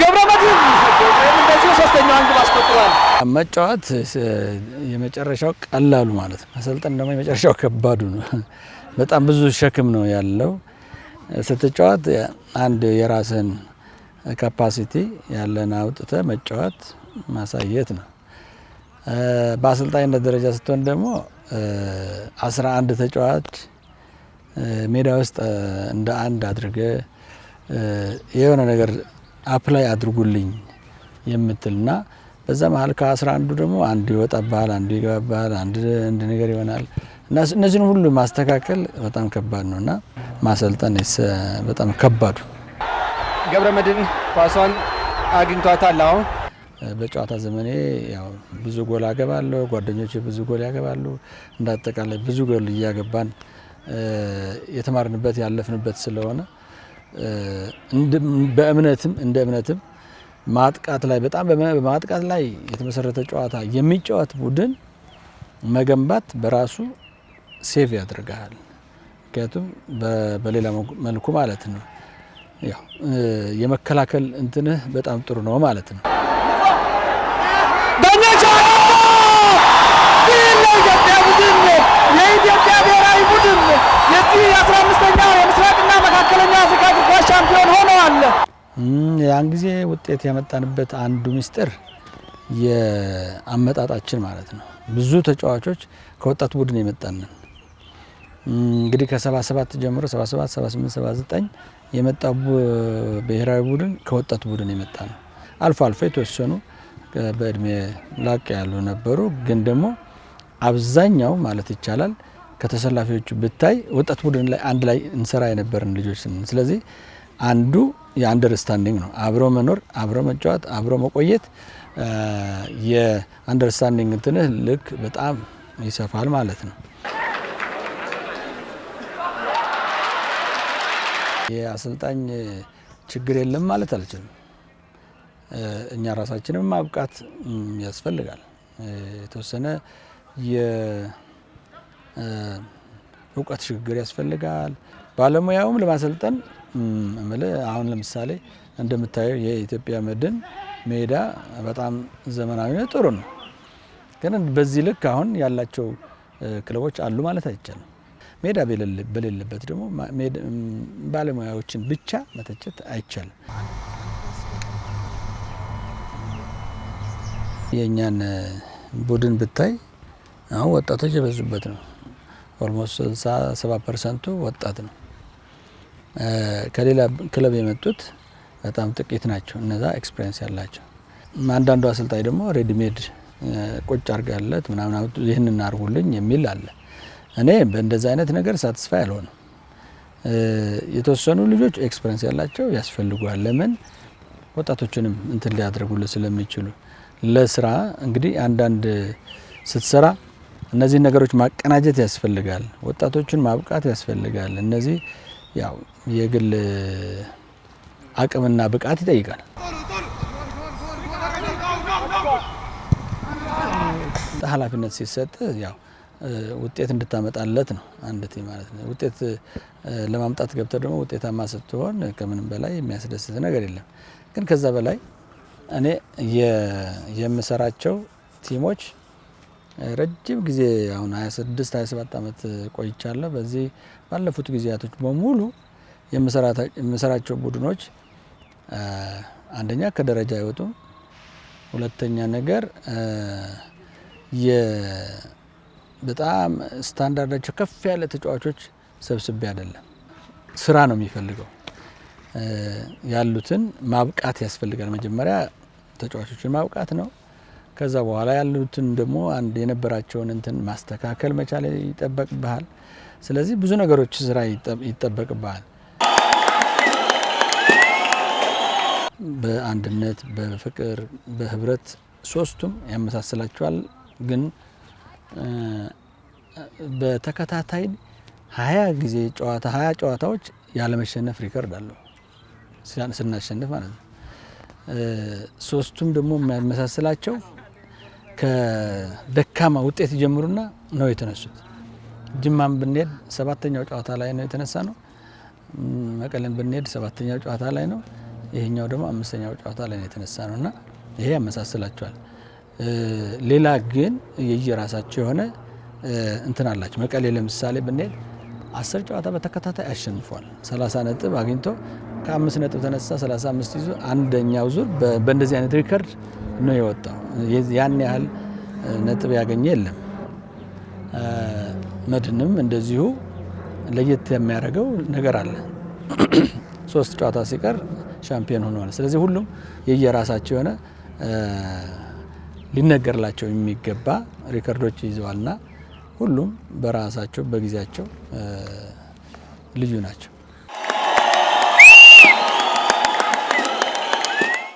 ገብረመድህን እንደዚሁ ሶስተኛዋን ግብ አስቆጥሯል። መጫወት የመጨረሻው ቀላሉ ማለት ነው። መሰልጠን ደግሞ የመጨረሻው ከባዱ ነው። በጣም ብዙ ሸክም ነው ያለው። ስትጫወት አንድ የራስን ካፓሲቲ ያለን አውጥተ መጫወት ማሳየት ነው። በአሰልጣኝነት ደረጃ ስትሆን ደግሞ አስራ አንድ ተጫዋች ሜዳ ውስጥ እንደ አንድ አድርገ የሆነ ነገር አፕላይ አድርጉልኝ የምትልና በዛ መሀል ከአስራ አንዱ ደግሞ አንዱ ይወጣብሃል፣ አንዱ ይገባብሃል፣ አንድ ነገር ይሆናል እና እነዚህን ሁሉ ማስተካከል በጣም ከባድ ነው እና ማሰልጠን በጣም ከባዱ ገብረ መድን ኳሷን አግኝቷታል። አሁን በጨዋታ ዘመኔ ያው ብዙ ጎል አገባለሁ፣ ጓደኞች ብዙ ጎል ያገባሉ። እንዳጠቃላይ ብዙ ጎል እያገባን የተማርንበት ያለፍንበት ስለሆነ በእምነትም እንደ እምነትም ማጥቃት ላይ በጣም በማጥቃት ላይ የተመሰረተ ጨዋታ የሚጫወት ቡድን መገንባት በራሱ ሴቭ ያደርጋል። ምክንያቱም በሌላ መልኩ ማለት ነው የመከላከል እንትንህ በጣም ጥሩ ነው ማለት ነው። ያን ጊዜ ውጤት ያመጣንበት አንዱ ምስጢር የአመጣጣችን ማለት ነው። ብዙ ተጫዋቾች ከወጣት ቡድን የመጣንን እንግዲህ ከ ጀምሮ 77፣ 78፣ 79 የመጣው ብሔራዊ ቡድን ከወጣት ቡድን የመጣ ነው። አልፎ አልፎ የተወሰኑ በእድሜ ላቅ ያሉ ነበሩ። ግን ደግሞ አብዛኛው ማለት ይቻላል ከተሰላፊዎቹ ብታይ ወጣት ቡድን ላይ አንድ ላይ እንሰራ የነበርን ልጆች። ስለዚህ አንዱ የአንደርስታንዲንግ ነው። አብሮ መኖር፣ አብሮ መጫወት፣ አብሮ መቆየት የአንደርስታንዲንግ እንትንህ ልክ በጣም ይሰፋል ማለት ነው። የአሰልጣኝ ችግር የለም ማለት አልችልም። እኛ ራሳችንም ማብቃት ያስፈልጋል። የተወሰነ የእውቀት ሽግግር ያስፈልጋል። ባለሙያውም ለማሰልጠን እምልህ አሁን ለምሳሌ እንደምታየው የኢትዮጵያ መድን ሜዳ በጣም ዘመናዊ ነው፣ ጥሩ ነው። ግን በዚህ ልክ አሁን ያላቸው ክለቦች አሉ ማለት አይቻልም። ሜዳ በሌለበት ደግሞ ባለሙያዎችን ብቻ መተቸት አይቻልም። የእኛን ቡድን ብታይ አሁን ወጣቶች የበዙበት ነው። ኦልሞስት 67 ፐርሰንቱ ወጣት ነው። ከሌላ ክለብ የመጡት በጣም ጥቂት ናቸው። እነዛ ኤክስፔሪንስ ያላቸው አንዳንዱ አሰልጣኝ ደግሞ ሬዲሜድ ቁጭ አርጋለት ምናምን ይህን እናርጉልኝ የሚል አለ። እኔ በእንደዛ አይነት ነገር ሳትስፋይ አልሆንም። የተወሰኑ ልጆች ኤክስፔሪንስ ያላቸው ያስፈልጓል። ለምን ወጣቶችንም እንትን ሊያደርጉልህ ስለሚችሉ ለስራ እንግዲህ አንዳንድ ስትሰራ እነዚህን ነገሮች ማቀናጀት ያስፈልጋል። ወጣቶችን ማብቃት ያስፈልጋል። እነዚህ ያው የግል አቅምና ብቃት ይጠይቃል። ኃላፊነት ሲሰጥ ያው ውጤት እንድታመጣለት ነው አንድ ቲም ማለት ነው። ውጤት ለማምጣት ገብተህ ደግሞ ውጤታማ ስትሆን ከምንም በላይ የሚያስደስት ነገር የለም። ግን ከዛ በላይ እኔ የምሰራቸው ቲሞች ረጅም ጊዜ አሁን 26 27 ዓመት ቆይቻለሁ። በዚህ ባለፉት ጊዜያቶች በሙሉ የምሰራቸው ቡድኖች አንደኛ ከደረጃ አይወጡም፣ ሁለተኛ ነገር በጣም ስታንዳርዳቸው ከፍ ያለ ተጫዋቾች ሰብስቤ አይደለም። ስራ ነው የሚፈልገው። ያሉትን ማብቃት ያስፈልጋል። መጀመሪያ ተጫዋቾችን ማብቃት ነው። ከዛ በኋላ ያሉትን ደግሞ አንድ የነበራቸውን እንትን ማስተካከል መቻል ይጠበቅብሃል። ስለዚህ ብዙ ነገሮች ስራ ይጠበቅብሃል። በአንድነት፣ በፍቅር፣ በህብረት ሶስቱም ያመሳስላቸዋል። ግን በተከታታይ ሀያ ጊዜ ጨዋታ ሀያ ጨዋታዎች ያለመሸነፍ ሪከርድ አለው ስናሸንፍ ማለት ነው። ሶስቱም ደግሞ የሚያመሳስላቸው ከደካማ ውጤት ጀምሩና ነው የተነሱት። ጅማም ብንሄድ ሰባተኛው ጨዋታ ላይ ነው የተነሳ ነው። መቀለን ብንሄድ ሰባተኛው ጨዋታ ላይ ነው። ይሄኛው ደግሞ አምስተኛው ጨዋታ ላይ ነው የተነሳ ነው እና ይሄ ያመሳስላቸዋል። ሌላ ግን የየራሳቸው የሆነ እንትን አላቸው። መቀሌ ለምሳሌ ብንሄድ አስር ጨዋታ በተከታታይ አሸንፏል። ሰላሳ ነጥብ አግኝቶ ከአምስት ነጥብ ተነሳ 35 ይዞ አንደኛው ዙር በእንደዚህ አይነት ሪከርድ ነው የወጣው። ያን ያህል ነጥብ ያገኘ የለም። መድንም እንደዚሁ ለየት የሚያደርገው ነገር አለ። ሶስት ጨዋታ ሲቀር ሻምፒዮን ሆኗል። ስለዚህ ሁሉም የየራሳቸው የሆነ ሊነገርላቸው የሚገባ ሪከርዶች ይዘዋልና ሁሉም በራሳቸው በጊዜያቸው ልዩ ናቸው።